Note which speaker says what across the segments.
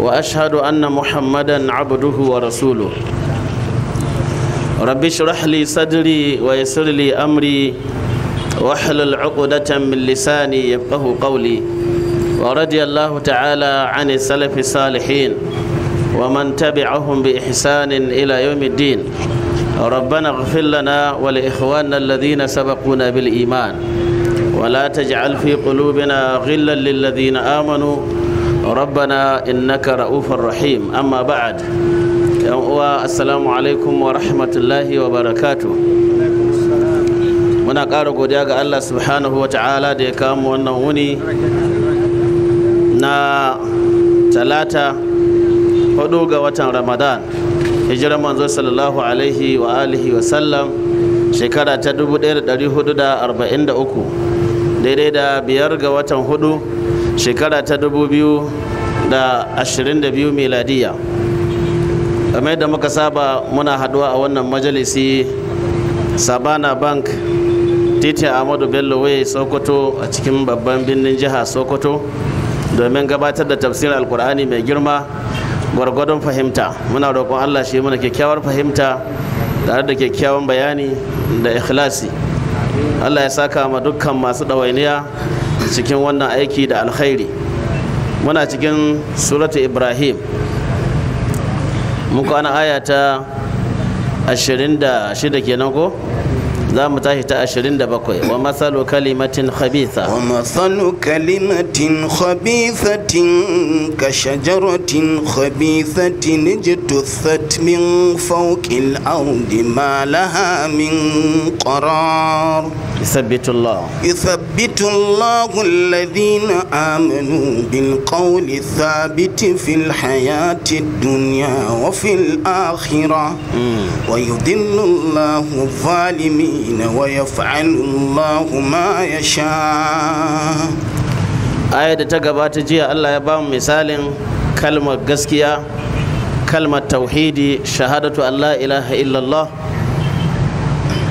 Speaker 1: وأشهد أن محمدا عبده ورسوله رب اشرح لي صدري ويسر لي أمري واحلل عقدة من لساني يفقه قولي ورضي الله تعالى عن السلف الصالحين ومن تبعهم بإحسان إلى يوم الدين ربنا اغفر لنا ولإخواننا الذين سبقونا بالإيمان ولا تجعل في قلوبنا غلا للذين آمنوا rabbana innaka ra'ufar rahim amma ba'ad yan uwa assalamu alaikum wa rahmatullahi wa barakatu muna ƙara godiya ga allah subhanahu wa ta'ala da ya kama wannan wuni na talata hudu ga watan ramadan hijirar manzo sallallahu alaihi wa alihi wa sallam shekara ta 1443 daidai da biyar ga watan hudu shekara ta 2022 miladiya kamar da muka saba muna haduwa a wannan majalisi sabana bank titi ahmadu bello way sokoto a cikin babban birnin jiha sokoto domin gabatar da tafsirin alkur'ani mai girma gwargwadon fahimta muna roƙon allah shi muna kyakkyawar fahimta tare da kyakkyawan bayani da ikhlasi allah ya saka ma dukkan masu ɗawainiya cikin wannan aiki da alkhairi muna cikin surata ibrahim muka ana aya ta 26 kenan ko za mu tashi ta 27 wa matsalo kalimatin khabitha wa
Speaker 2: matsalo kalimatin khabithatin ka shajaratin khabithatin jitussat min faukin ardi ma laha min qarar
Speaker 1: يثبت الله
Speaker 2: يثبت الله الذين آمنوا بالقول الثابت في الحياة الدنيا وفي الآخرة mm. ويذل الله الظالمين ويفعل الله ما يشاء
Speaker 1: آية تقبات جي الله يبام مثال كلمة قسكية كلمة توحيدي شهادة أن لا إله إلا الله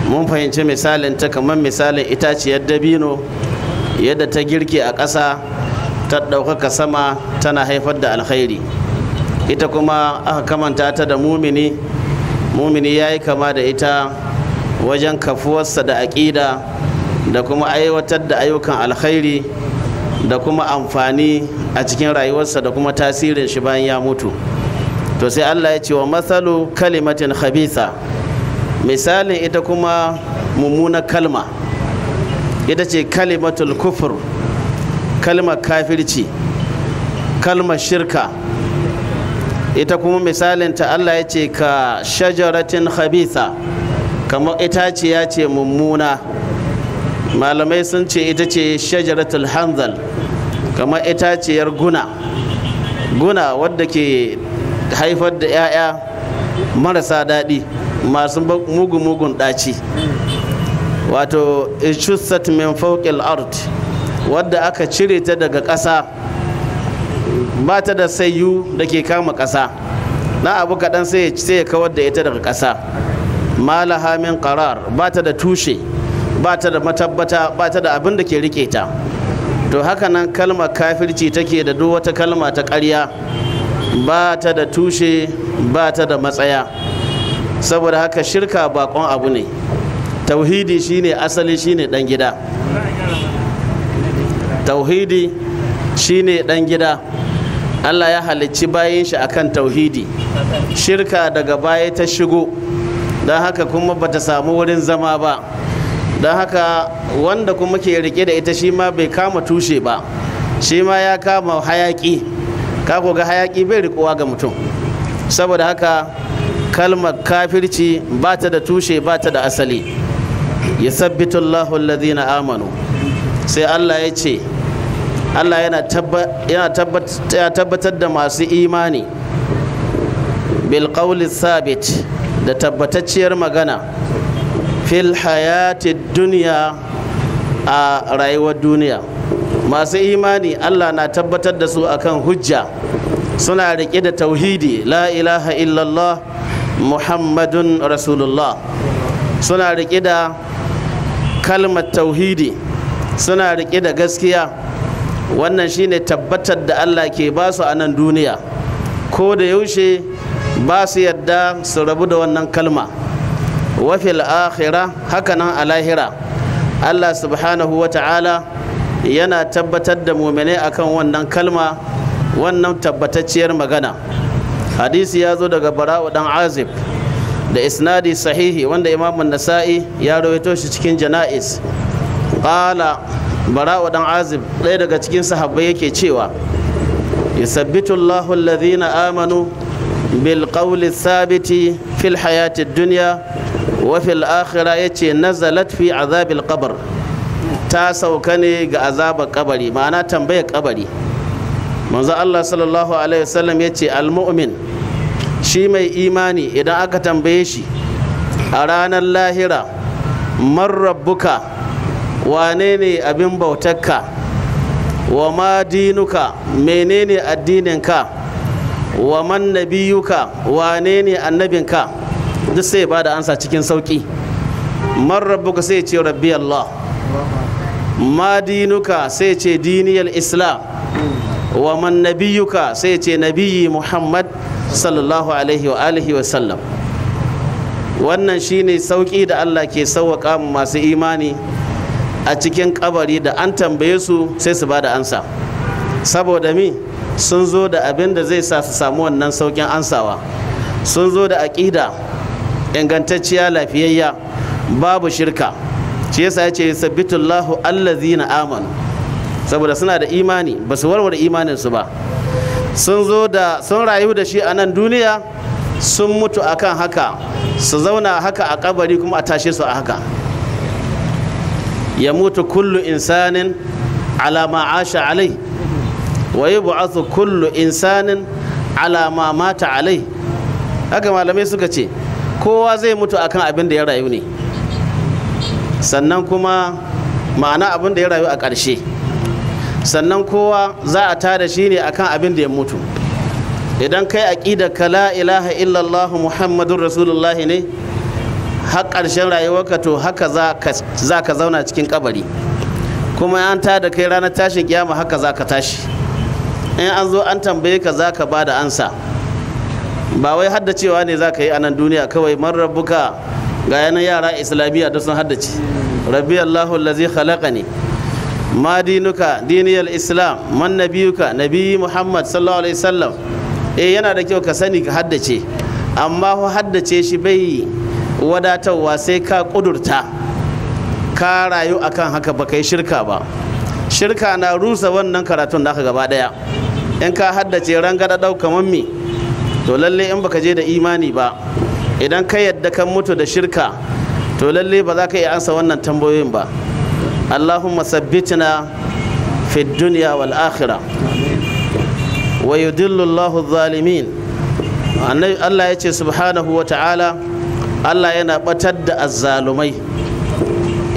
Speaker 1: mun fahimci misalin ta kamar misalin itaciyar dabino yadda ta girke a ƙasa ta ɗaukaka sama tana haifar da alkhairi ita kuma aka kamanta ta da mumini mumini ya yi kama da ita wajen kafuwarsa da aƙida da kuma aiwatar da ayyukan alkhairi da kuma amfani a cikin rayuwarsa da kuma tasirin shi bayan ya mutu to sai allah ya ce wa matsalu kalimatin khabitha misalin ita kuma mummuna kalma ita ce kalimatul kufur kalma kafirci kalma shirka ita kuma misalin ta Allah ya ce ka shajaratin khabitha kamar itaciya ce mummuna malamai sun ce ita ce shajaratul hanzal kamar itaciyar guna guna wadda ke haifar da 'ya'ya marasa daɗi masu mugu-mugun ɗaci wato ishusat min fawqil ard wadda aka cire ta daga ƙasa ba ta da sayu da ke kama ƙasa na abu kaɗan sai ya kawar da ita daga ƙasa malaha min qarar ba ta da tushe ba ta da matabbata ba ta da abin da ke rike ta to haka nan kalmar kafirci take da duk wata kalma ta ƙarya ba ta da tushe ba ta da matsaya saboda haka shirka bakon abu ne tauhidi shine asali shine dan gida tauhidi shine dan gida Allah ya halicci bayan shi akan tauhidi shirka daga baya ta shigo don haka kuma bata samu wurin zama ba don haka wanda kuma ke rike da ita shi ma bai kama tushe ba shi ma ya kama hayaki ka ga hayaki bai rikuwa ga mutum saboda haka kalmar kafirci ba ta da tushe ba ta da asali ya sabbitu Allahu amanu sai Allah ya ce Allah yana tabbatar da masu imani bil sabit da tabbatacciyar magana fil hayati duniya a rayuwar duniya masu imani allah na tabbatar da su akan hujja suna riƙe da tauhidi la ilaha illallah muhammadun rasulullah suna riƙe da kalmar tauhidi suna riƙe da gaskiya wannan shine tabbatar da allah ke basu a nan duniya ko da yaushe ba su yadda su rabu da wannan kalma wafil akhira hakanan a lahira allah subhanahu wa ta'ala yana tabbatar da mumine akan wannan kalma wannan tabbatacciyar magana hadisi ya zo daga bara'u dan azib da isnadi sahihi wanda imamun nasa'i ya rawaito shi cikin jana'is ƙala bara'u dan azib ɗaya daga cikin sahabbai yake cewa yusabbitu allahu alladhina amanu bil qawli thabiti fil hayati dunya wa fil akhirah yace nazalat fi azabil qabr ta sauka ne ga azabar kabari ma'ana tambayar kabari manzo Allah sallallahu alaihi wasallam yace al mu'min shi mai imani idan aka tambaye shi a ranar lahira man rabbuka wane ne abin bautakka wa ma dinuka menene addininka wa man nabiyuka wane ne annabinka duk sai ba da ansa cikin sauƙi man rabbuka sai ce rabbi Allah ma dinuka sai ce diniyar islam wa man nabiyuka sai ce nabiyi muhammad sallallahu alaihi wa alihi wa sallam wannan shine sauki da Allah ke sauwaka mu masu imani a cikin kabari da an tambaye su sai su bada ansa saboda mi sun zo da abin da zai sa su samu wannan saukin ansawa sun zo da aƙida ingantacciya lafiyayya babu shirka shi yasa yace sabbitullahu allazina amanu saboda suna da imani ba su warware su ba sun zo da sun rayu da shi a nan duniya sun mutu a kan haka su zauna haka a kabari kuma a tashe su a haka ya mutu kullu insanin alama asha alai wa yub'athu kullu insanin alama mata alai haka malamai suka ce kowa zai mutu a kan abin da ya rayu ne sannan kuma ma'ana abin da ya rayu a ƙarshe sannan kowa za a tada shi ne akan abin da ya mutu idan kai aƙida ka la ilaha illallah muhammadun rasulullahi ne har ƙarshen rayuwarka to haka za ka zauna cikin kabari kuma an tada kai ranar tashin kiyama haka za ka tashi in an zo an tambaye ka za ka ba da ansa ba wai haddacewa ne za ka yi anan duniya kawai man rabbuka ga yanar yara islamiyya da sun haddace rabbi allahu allazi khalaqani ne Madinuka, دينك Islam, الإسلام من نبيك نبي eh yana da kyau ka sani ka haddace amma ho haddace shi bai wadatarwa sai ka kudurta ka rayu akan haka ba kai shirka ba shirka na rusa wannan karatun da gaba daya in ka haddace rangada dau kamar mi to lalle in baka je da imani ba idan ka yadda kan mutu da shirka to lalle ba za ka iya ansa wannan tambayoyin ba اللهم ثبتنا في الدنيا والآخرة ويدل الله الظالمين الله يتي سبحانه وتعالى الله ينبتد الظالمين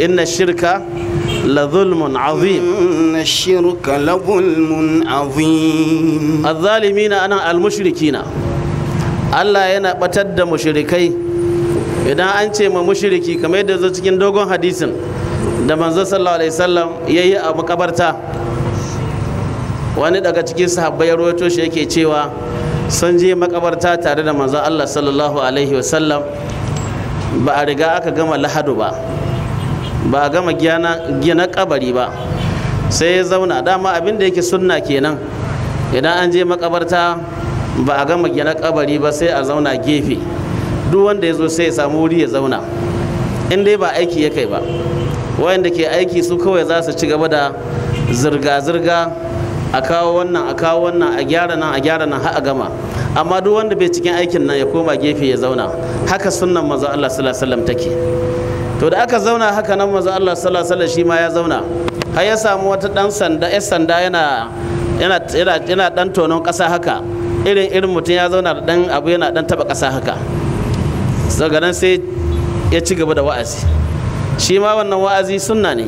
Speaker 1: إن الشرك لظلم عظيم إن الشرك لظلم عظيم الظالمين أنا المشركين الله ينبتد مشركين idan an ce ma mushriki kamar yadda zo cikin dogon hadisin da manzo sallallahu alaihi wasallam yayi a makabarta wani daga cikin sahabbai ya rawaito shi yake cewa sun je makabarta tare da manzo Allah sallallahu alaihi wasallam ba a riga aka gama lahadu ba ba a gama gina kabari ba sai ya zauna dama abin da yake sunna kenan idan an je makabarta ba a gama gina kabari ba sai a zauna gefe duk wanda ya zo sai ya samu wuri ya zauna in dai ba aiki ya kai ba wayanda ke aiki su kawai za su ci gaba da zirga-zirga a kawo wannan a kawo wannan a gyara nan a gyara nan har a gama amma duk wanda bai cikin aikin nan ya koma gefe ya zauna haka sunnan manzo Allah sallallahu alaihi wasallam take to da aka zauna haka nan manzo Allah sallallahu alaihi wasallam shi ma ya zauna har ya samu wata dan sanda ya sanda yana yana yana yana dan tonon kasa haka irin irin mutum ya zauna da dan abu yana dan taba kasa haka sai nan sai ya ci gaba da wa'azi shi ma wannan wa'azi sunna ne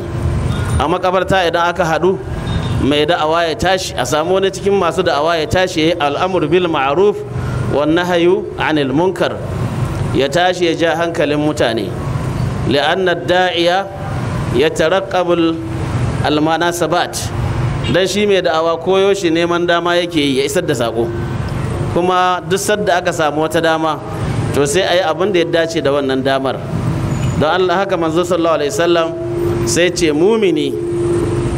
Speaker 1: a makabarta idan aka haɗu mai da'awa ya tashi a samu wani cikin masu da'awa ya tashi ya yi al'amur bil ma'ruf wan nahyu anil munkar ya tashi ya ja hankalin mutane li'anna da'iya ya taraqqabul sabat dan shi mai da'awa koyo shi neman dama yake yi ya isar da sako kuma duk sadda aka samu wata dama to sai a yi abin da ya dace da wannan damar don Allah haka manzo sallallahu alaihi wasallam sai ce mumini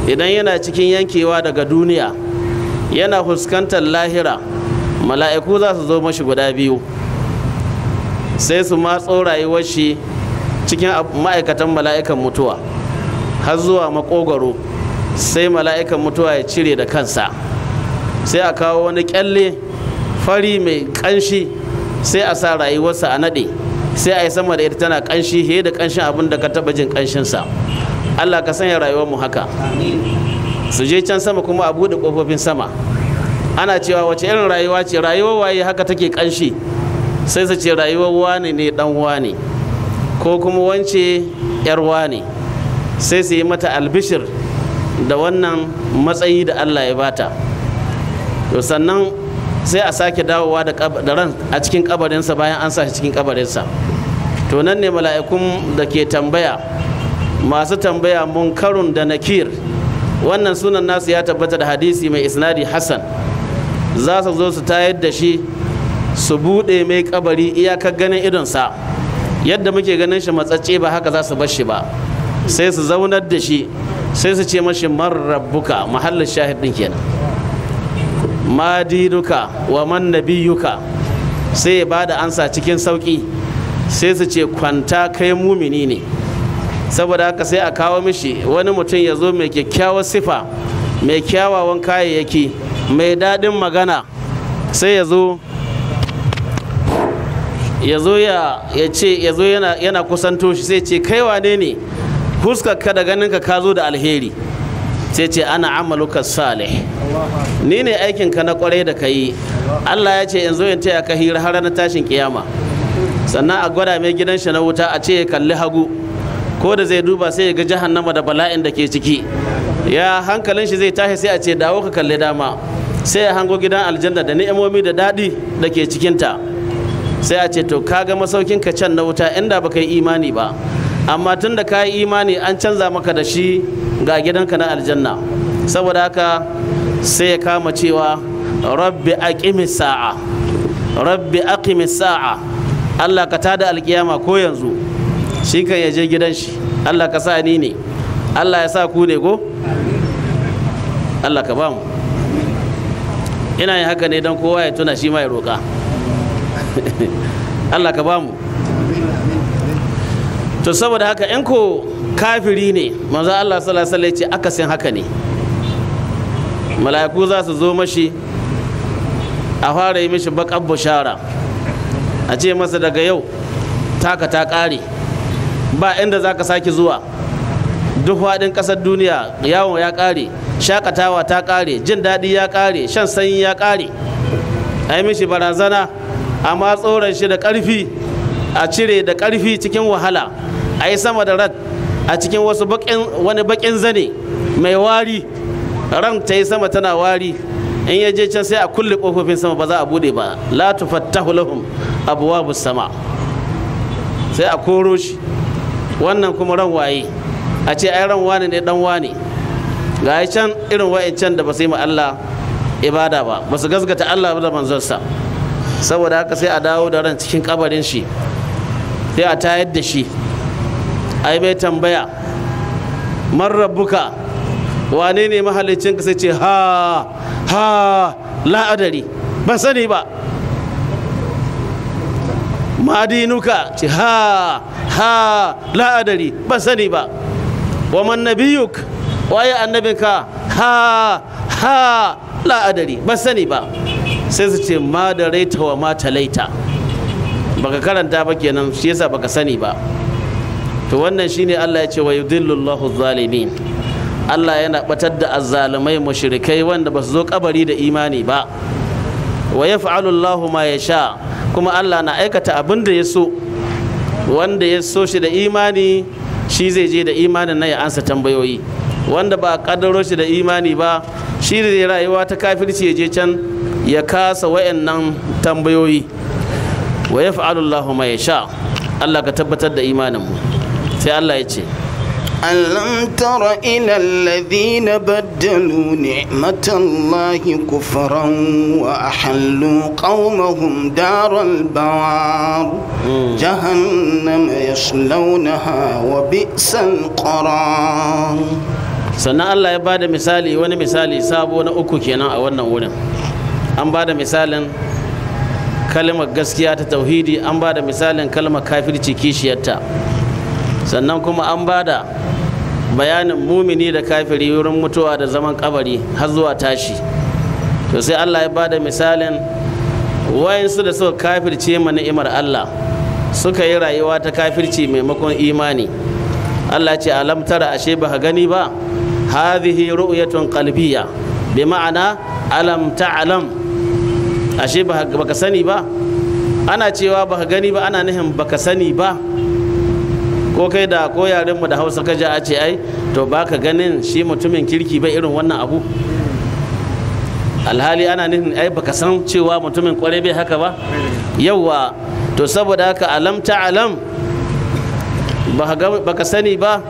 Speaker 1: idan yana cikin yankewa daga duniya yana fuskantar lahira mala'iku za su zo mashi guda biyu sai su matso rayuwar shi cikin ma'aikatan mala'ikan mutuwa har zuwa makogaro sai mala'ikan mutuwa ya cire da kansa sai a kawo wani kyalle fari mai kanshi sai a sa rayuwarsa a naɗe sai a yi sama da ita tana kanshi he da kanshin abin da ka taba jin kanshin sa Allah ka sanya rayuwar mu haka su je can sama kuma a bude kofofin sama ana cewa wace irin rayuwa ce rayuwar waye haka take kanshi sai su ce rayuwar wane ne dan wane ko kuma wance yar wane sai su yi mata albishir da wannan matsayi da Allah ya bata to sannan sai a sake dawowa da ran a cikin kabarinsa bayan an sa shi cikin kabarinsa to nan ne mala'ikun da ke tambaya masu tambaya munkarun da nakir wannan sunan nasu ya tabbata da hadisi mai isnadi hassan za su zo su tayar da shi su buɗe mai kabari iyakar ganin idonsa yadda muke ganin shi matsacce ba haka za su bar shi ba sai su zaunar da shi sai su ce mashi man rabbuka mahallin shahid ɗin kenan Madinuka wa man nabiyuka sai ya bada ansa cikin sauki sai su ce kwanta kai mumini ne saboda haka sai a kawo mishi wani mutum ya zo mai kyakkyawar sifa mai kyawawan kayayyaki mai daɗin magana sai ya zo ya zo ya ce ya zo yana, kusanto shi sai ce kai wane ne Kada da ganinka ka zo da alheri sai ce ana amaluka salih ni ne aikinka na kwarai da ka yi allah ya ce yanzu zo in taya ka hira har na tashin kiyama sannan a gwada mai gidan shi na wuta a ce ya kalli hagu ko da zai duba sai ya ga nama da bala'in da ke ciki ya hankalin shi zai tashi sai a ce dawo ka kalli dama sai ya hango gidan aljanna da ni'imomi da dadi da ke cikinta sai a ce to ga masaukin ka can na wuta inda baka yi imani ba amma tun da ka yi imani an canza maka da shi ga gidanka na aljanna saboda haka sai ya kama cewa rabbi aqimi sa'a rabbi aqimi sa'a Allah ka tada alkiyama ko yanzu shi kan ya je gidan shi Allah ka sa ni ne Allah ya sa ku ne ko Allah ka ba mu ina yin haka ne don kowa ya tuna shi ma ya roƙa Allah ka ba mu to saboda haka in ko kafiri ne manzo Allah sallallahu alaihi wasallam ya ce akasin haka ne mala'iku za su zo mashi a fara yi mishi baƙar bushara a ce masa daga yau taka ta ƙare ba inda za ka sake zuwa duk faɗin ƙasar duniya yawon ya ƙare shakatawa ta ƙare jin daɗi ya ƙare shan sanyi ya ƙare a yi mishi barazana amma tsoron shi da ƙarfi a cire da ƙarfi cikin wahala a yi sama da rat a cikin wasu wani baƙin zane mai wari ran ta yi sama tana wari in ya je can sai a kulle kofofin sama ba za a bude ba la tufattahu lahum abwabu sama sai a koro shi wannan kuma ran waye a ce ai ran wane ne dan wane ga can irin wa'ancan da ba su yi Allah ibada ba ba su gasgata Allah ba da sa saboda haka sai a dawo da ran cikin kabarin shi sai a tayar da shi a mai tambaya man rabbuka wane ne mahalicin ka sai ce ha ha la'adari ba sani ba madinuka ce ha ha la'adari ba sani ba wa man nabiyuk waye annabinka ha ha la'adari ba sani ba sai su ce ma da raita wa ma ba baka karanta ba kenan shi yasa baka sani ba to wannan shine Allah ya ce wa yudillu Allahu zalimin Allah yana batar da azzalumai mushrikai wanda ba su zo kabari da imani ba wa yaf'alu Allahu ma yasha kuma Allah na aikata abin da ya so wanda ya so shi da imani shi zai je da imanin na ya ansa tambayoyi wanda ba kaddaro shi da imani ba shi zai rayuwa ta kafirci ya je can ya kasa wayannan tambayoyi wa yaf'alu Allahu ma yasha Allah ka tabbatar da imanin mu sai Allah ya ce
Speaker 2: ألم تر إلى
Speaker 1: الذين بدلوا
Speaker 2: نعمة الله كفرا وأحلوا قومهم دار البوار جهنم يصلونها
Speaker 1: وبئس القرار sannan Allah ya bada misali wani misali sabo na uku kenan a wannan wurin an bada misalin kalmar gaskiya ta tauhidi an bada misalin kalmar kafirci kishiyarta sannan kuma an bada bayanin mumini da kafiri wurin mutuwa da zaman kabari har zuwa tashi to sai Allah ya bada misalin wayansu da suka kafirce ma ni'imar Allah suka yi rayuwa ta kafirci maimakon imani Allah ce alam tara ashe ba gani ba hadhihi ru'yatun qalbiyya bi ma'ana alam ta'lam ashe ba ka sani ba ana cewa ba gani ba ana nihin ba ka sani ba ko kai da ko yarenmu da hausa ka ja a ce ai to baka ganin shi mutumin kirki bai irin wannan abu alhali ana nufin ai baka san cewa mutumin kwarai bai haka ba yauwa to saboda haka alam ta alam baka sani ba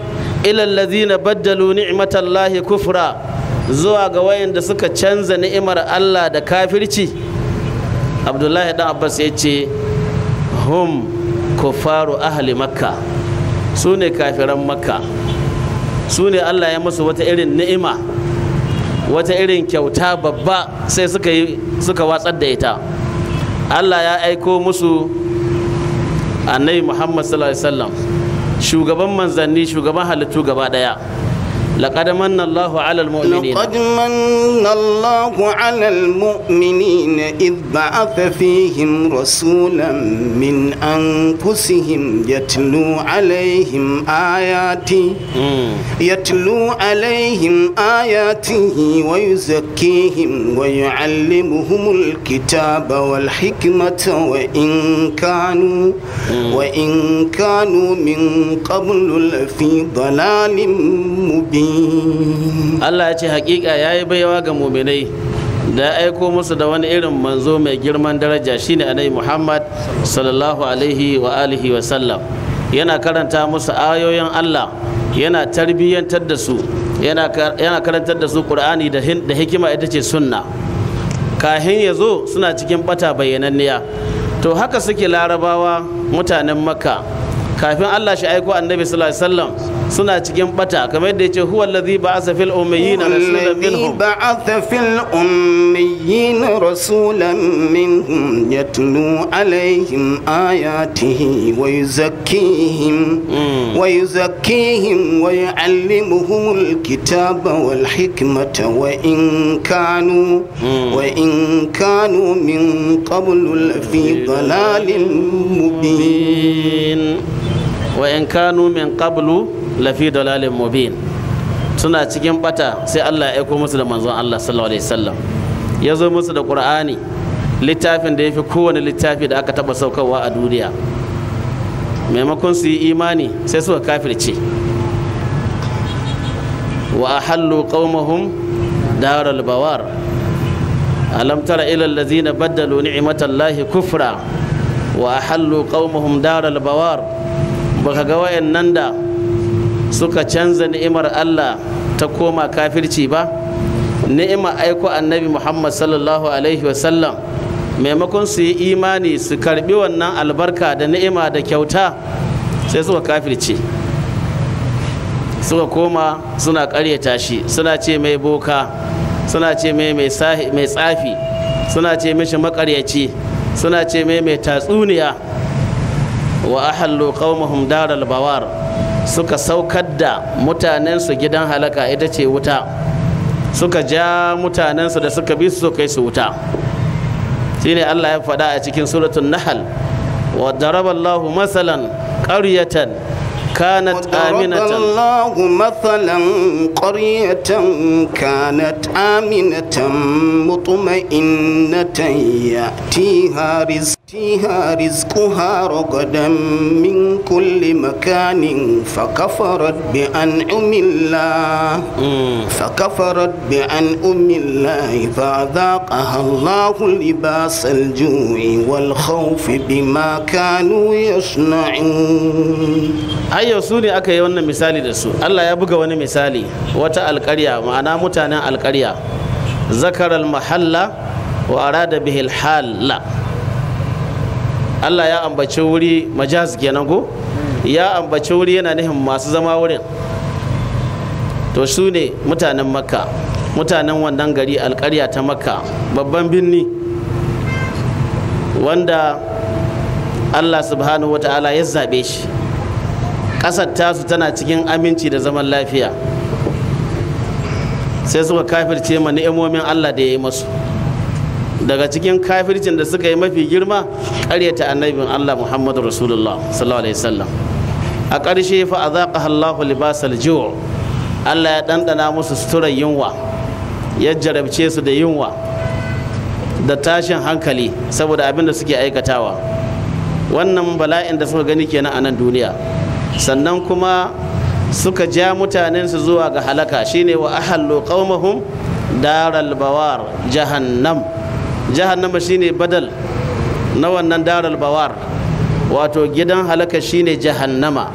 Speaker 1: ilallazina baddalu ni'matallahi kufra zuwa ga wayanda suka canza ni'imar Allah da kafirci abdullahi dan abbas ya ce hum kufaru ahli makka su ne kafiran makka su ne allah ya musu wata irin ni'ima wata irin kyauta babba sai suka yi suka watsar da ita allah ya aiko musu annabi muhammad sallallahu alaihi wasallam shugaban manzanni shugaban halittu gaba daya لقد من الله على المؤمنين لقد
Speaker 2: من الله على المؤمنين إذ بعث فيهم رسولا من أنفسهم يتلو عليهم آياته يتلو عليهم آياته ويزكيهم ويعلمهم الكتاب والحكمة وإن كانوا وإن كانوا من قبل لفي ضلال مبين
Speaker 1: Allah ya ce hakika yi baiwa ga mu'minai da aiko musu da wani irin manzo mai girman daraja shine anai Muhammad sallallahu alaihi wa alihi wa sallam yana karanta musu ayoyin Allah yana tarbiyyantar da su yana karantar da su Qur'ani da hikima ita ce sunna kahin ya zo suna cikin bata bayyananniya to haka suke larabawa mutanen makka kafin Allah shi aiko annabi sallallahu alaihi wasallam suna cikin bata kamar yadda yace huwa allazi ba'atha fil ummiyina rasulan minhum
Speaker 2: ba'atha fil ummiyina rasulan minhum yatlu alaihim ayatihi wa yuzakkihim hmm. wa yuzakkihim wa yu'allimuhum alkitaba wal hikmata wa in kanu hmm. wa in kanu min qablu fi dalalin
Speaker 1: mubin wa in kanu min qablu lafi dalalin mubin suna cikin bata sai Allah ya aiko musu da manzon Allah sallallahu alaihi wasallam ya zo musu da Qur'ani littafin da yafi kowane littafi da aka taba saukarwa a duniya maimakon su yi imani sai suka kafirce wa ahallu qaumahum daral bawar alam tara ila allazina baddalu ni'matallahi kufra wa ahallu qaumahum daral bawar baka ga wayannan da suka canza ni'imar Allah ta koma kafirci ba ni'ima aiko annabi Muhammad sallallahu alaihi wasallam maimakon su yi imani su karbi wannan albarka da ni'ima da kyauta sai suka kafirce suka koma suna karyata shi suna ce mai boka suna ce mai mai tsafi suna ce mishi makaryaci suna ce mai mai tatsuniya wa ahallu qaumahum daral bawar suka saukar da mutanensu gidan halaka ita ce wuta suka ja mutanensu da suka bi su kai su wuta shine Allah ya faɗa a cikin suratul nahal wa daraballahu masalan qaryatan كانت آمنة
Speaker 2: الله مثلا قرية كانت آمنة مطمئنة يأتيها رزقا فيها رزقها رغدا من كل مكان فكفرت بأنعم الله فكفرت بأنعم الله فأذاقها الله لباس الجوع والخوف بما كانوا يصنعون
Speaker 1: أي سوري أكا يوانا مثالي دسو الله يبقى وانا مثالي وتا القرية معنا متانا القرية ذكر المحل وأراد به الحال لا Allah ya ambaci wuri majaz kenan ko ya ambaci wuri yana nufin masu zama wurin to su ne mutanen makka mutanen wannan gari alkarya ta makka babban birni wanda Allah subhanahu wa ta'ala ya zaɓe shi ƙasar tasu tana cikin aminci da zaman lafiya sai suka kafirce ma ni'imomin Allah da ya yi masu daga cikin kafircin da suka yi mafi girma ƙaryata annabin Allah Muhammadu Rasulullah sallallahu alaihi wasallam a ƙarshe fa a zaƙa Allahu libasal ju' Allah ya ɗanɗana musu suturar yunwa ya jarabce su da yunwa da tashin hankali saboda abin da suke aikatawa wannan bala'in da suka gani kenan a nan duniya sannan kuma suka ja mutanensu zuwa ga halaka shine wa ahallu qaumahum daral bawar jahannam jahannama shine badal na wannan daral bawar wato gidan halaka shine jahannama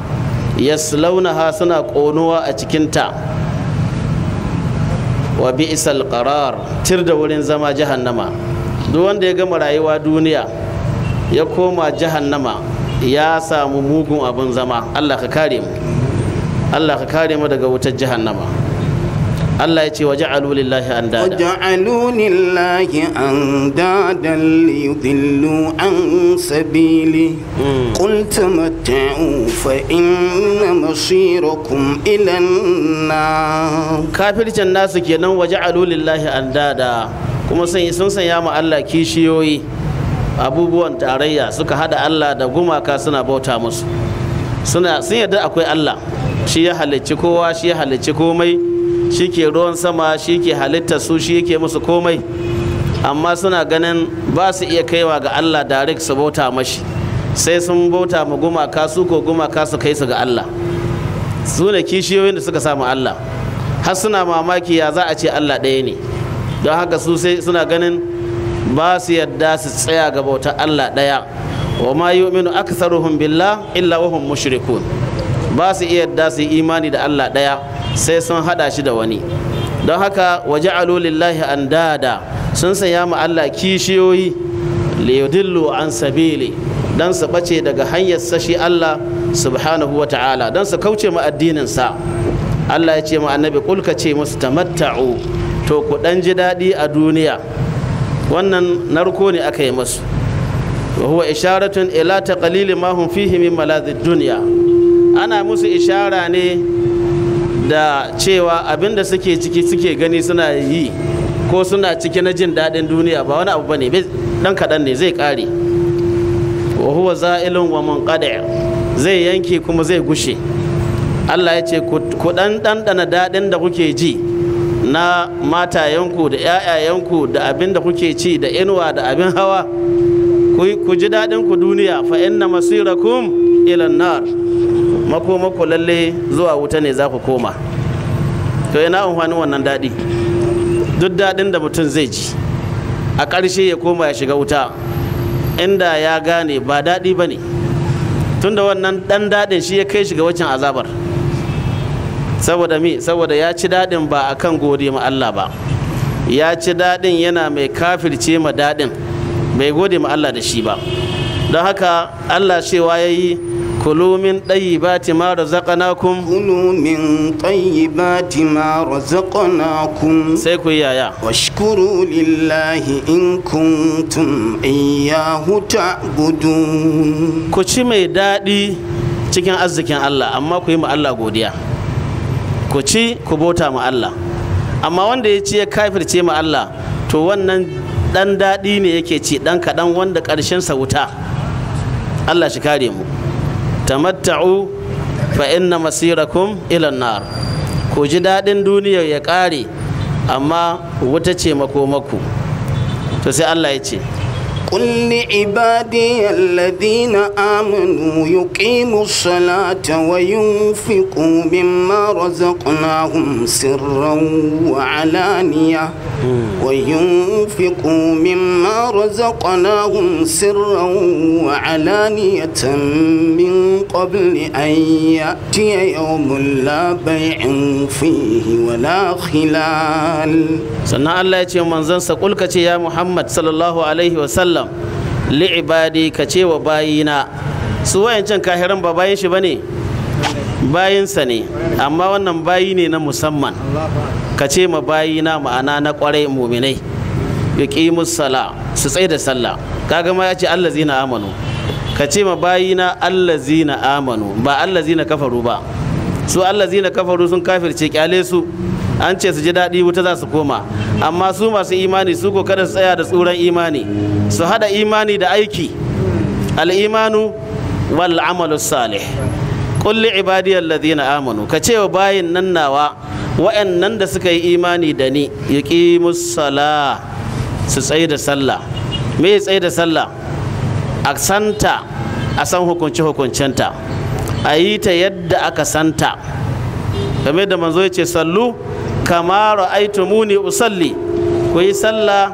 Speaker 1: yaslaunaha suna ƙonuwa a cikinta wa bi'sal qarar tir da wurin zama jahannama duk wanda ya gama rayuwa duniya ya koma jahannama ya samu mugun abin zama Allah ka kare mu Allah ka kare mu daga wutar jahannama Allah ya ce wa ja'alu lillahi dada. wa
Speaker 2: ja'alu lillahi andada li yudillu an sabili hmm. qul tamatta'u fa inna
Speaker 1: masirakum ila an kafircin nasu kenan wa ja'alu lillahi dada. kuma sun sun sanya mu Allah kishiyoyi abubuwan tarayya suka hada Allah da gumaka suna bauta musu suna sun yarda akwai Allah shi ya halicci kowa shi ya halicci komai shi ke ruwan sama shi ke halitta su shi ke musu komai amma suna ganin ba su iya kaiwa ga Allah direct su bauta mashi sai sun bauta ma gumaka su ko gumaka su kai su ga Allah su ne kishiyoyin da suka samu Allah har suna mamaki ya za a ce Allah ɗaya ne don haka su sai suna ganin ba su yadda su tsaya ga bauta Allah ɗaya wa ma yu'minu aktharuhum billah illa wa hum mushrikun ba su iya yadda su imani da Allah ɗaya sai sun hada shi da wani don haka waje lillahi an dada sun saya ma Allah kishiyoyi liyudillu an sabili don su bace daga hanyar sashi Allah subhanahu wa ta'ala don su kauce ma addininsa Allah ya ce ma annabi kulka ce musu tamatta'u to ku dan ji daɗi a duniya wannan narko ne aka yi musu wa huwa isharatun ila taqlili ma hum fihi min maladhi dunya ana musu ishara ne da cewa abin da suke ciki suke gani suna yi ko suna ciki na jin daɗin duniya ba wani abu bane dan kaɗan ne zai ƙare wa huwa za'ilun wa munqadi zai yanke kuma zai gushe Allah ya ce ku dan ɗanɗana daɗin da kuke ji na matayenku da ‘ya'yayenku da abin da kuke ci da inuwa da abin hawa ku ji daɗin ku duniya fa inna masirakum ilan nar makomako lalle zuwa wuta ne za ku koma to yana amfanin wannan daɗi duk daɗin da mutum zai ji a ƙarshe ya koma ya shiga wuta inda ya gane ba daɗi ba ne tunda wannan ɗan daɗin shi ya kai shiga wacin azabar saboda mi saboda ya ci daɗin ba a kan gode ma Allah ba ya ci daɗin yana mai kafirce ma daɗin bai gode ma Allah da shi ba don haka Allah cewa ya yi kulu min ɗayibati ma razaqnakum kulu min ɗayibati ma razaqnakum sai ku yaya
Speaker 2: Wa washkuru lillahi in kuntum huta
Speaker 1: ta'budun ku ci mai daɗi cikin arzikin Allah amma ku yi mu Allah godiya ku ci ku bota mu Allah amma wanda ya ci ya ce mu Allah to wannan ɗan daɗi ne yake ci ɗan kaɗan wanda ƙarshen sa wuta Allah shi kare mu tamatta'u fa inna masirakum ila nar ku ji daɗin duniyar ya ƙare amma wuta ce makomaku to sai Allah ya ce قل لعبادي
Speaker 2: الذين آمنوا يقيموا الصلاة وينفقوا مما رزقناهم سرا وعلانية وينفقوا مما رزقناهم سرا وعلانية من قبل أن يأتي
Speaker 1: يوم لا بيع فيه ولا خلال سنة الله يتيوم منزنسا قل يا محمد صلى الله عليه وسلم wasallam li'ibadi ka ce wa bayina su wayancan kahiran ba bayan shi bane bayinsa ne amma wannan bayi ne na musamman ka ce ma bayina ma'ana na kwarai muminai ya yuqimus sala su tsaye da sallah kaga ma ya ce na amanu ka ce ma bayina na amanu ba na kafaru ba su na kafaru sun kafirce kyale su an ce su ji daɗi wuta za su koma amma su masu imani su ko kada su tsaya da tsuran imani su hada imani da aiki al'imanu wal amalu salih kulli ibadiyal ladina amanu ka ce wa bayin nan nawa wa'annan da suka yi imani da ni yuqimus sala su tsaye da sallah me ya tsaye da sallah a santa a san hukunce hukuncenta a yi ta yadda aka santa game da manzo ya ce sallu kama muni usalli ku yi sallah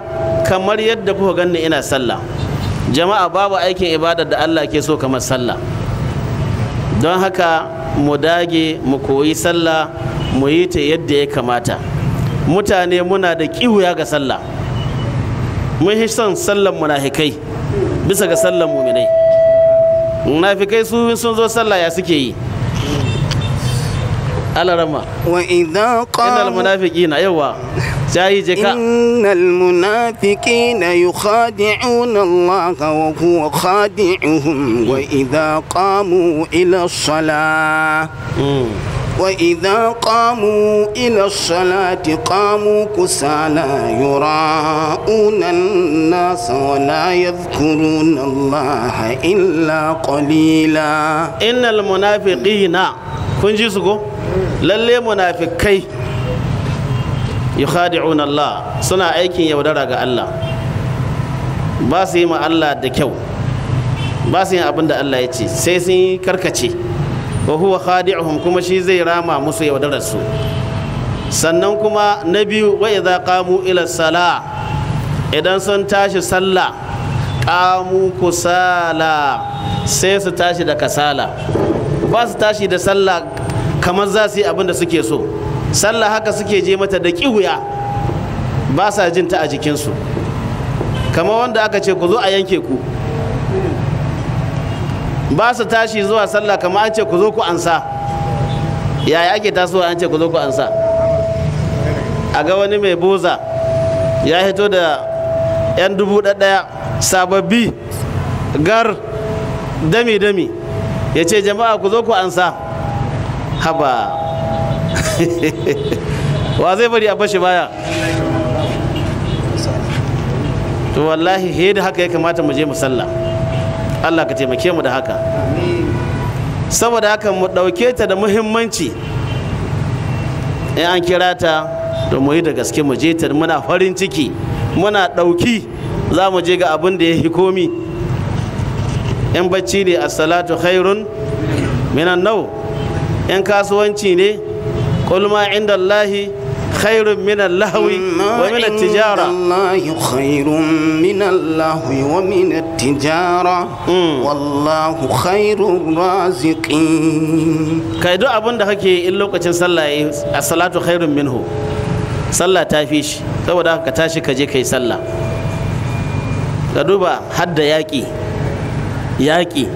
Speaker 1: kamar yadda kuka ganni ina sallah jama'a babu aikin ibadar da Allah ke so kamar sallah don haka mu dage mu koyi sallah mu yi ta yadda ya kamata mutane muna da kiwuya ga sallah mun yi son sallan munafikai bisa ga sallan muminai munafikai su sun zo sallah ya suke yi alarama wa idza qala innal munafiqina yawa jayi je ka
Speaker 2: innal munafiqina yukhadi'una Allah wa huwa khadi'uhum wa qamu ila salah وإذا قاموا إلى الصلاة قاموا كسالى يراءون الناس ولا يذكرون
Speaker 1: الله إلا قليلا إن المنافقين kun ji su ko lalle munafikai yukhadi'una Allah suna aikin yaudara ga Allah ba su yi ma Allah da kyau ba su yi abin da Allah ya ce sai sun yi karkace wa huwa khadi'uhum kuma shi zai rama musu yaudarar su sannan kuma na biyu wa idza qamu ila sala idan sun tashi sallah qamu kusala sai su tashi da kasala ba su tashi da sallah kamar za su yi abin da suke so sallah haka suke je mata da kiwuya ba sa jin ta a jikinsu kamar wanda aka ce ku zo a yanke ku ba su tashi zuwa sallah kamar an ce ku zo ku ansa yaya ake tasowa an ce ku zo ku ansa a ga wani mai boza ya hito da 'yan dubu ɗaya sababbi gar dami-dami ya ce jama'a ku zo ku ansa haba wa zai bari a bashi baya to wallahi he da haka ya kamata mu je mu sallah Allah ka taimake mu da haka saboda haka mu ɗauke ta da muhimmanci in an kira ta to mu yi da gaske mu je ta muna farin ciki muna ɗauki za mu je ga abin da ya komi in bacci ne a salatu khairun minan nau in kasuwanci ne kulma inda allahi khairun minan lahawi wa minan tijara allahi khairun
Speaker 2: minan lahawi wa minan
Speaker 1: tijara hmm. wallahu
Speaker 2: khairun
Speaker 1: raziqin kai duk abin da kake in lokacin sallah a salatu khairun minhu sallah ta fi shi saboda ka tashi ka je kai sallah ka duba hadda yaƙi yaƙi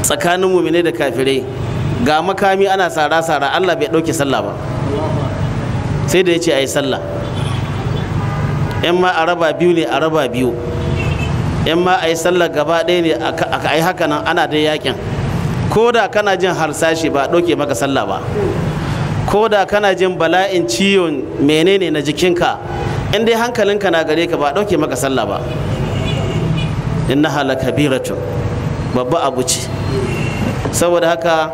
Speaker 1: tsakanin mumine da kafirai ga makami ana tsara-tsara Allah bai ɗauke sallah ba sai da ya ce a yi sallah Yan ma a raba biyu ne a raba biyu Yan ma a yi sallah gaba ɗaya ne a yi haka nan ana dai yakin ko da kana jin harsashi ba ɗauke maka sallah ba ko da kana jin bala'in ciwon menene na jikinka in dai hankalinka na gare ka ba ɗauke maka sallah ba innaha lakabiratun babba abu ce saboda haka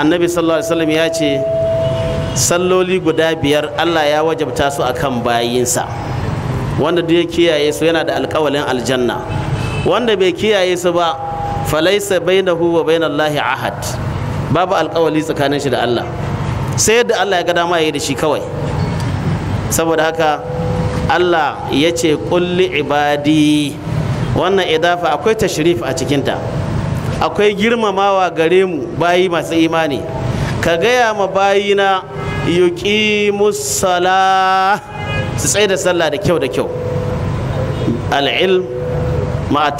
Speaker 1: annabi sallallahu alaihi wasallam ya ce salloli guda biyar Allah ya wajabta su akan bayinsa wanda duk ya kiyaye su yana da alkawalin aljanna wanda bai kiyaye su ba falaisa bainahu wa bainallahi ahad babu alkawali tsakanin shi da Allah sai yadda Allah ya ga dama yayi yi da shi kawai saboda haka Allah ya ce kulli ibadi wannan idafa akwai tashrif a cikinta akwai girmamawa gare mu bayi masu imani ka gaya ma bayina yuki musala su tsaye da sallah da kyau da kyau al'ilm ma'a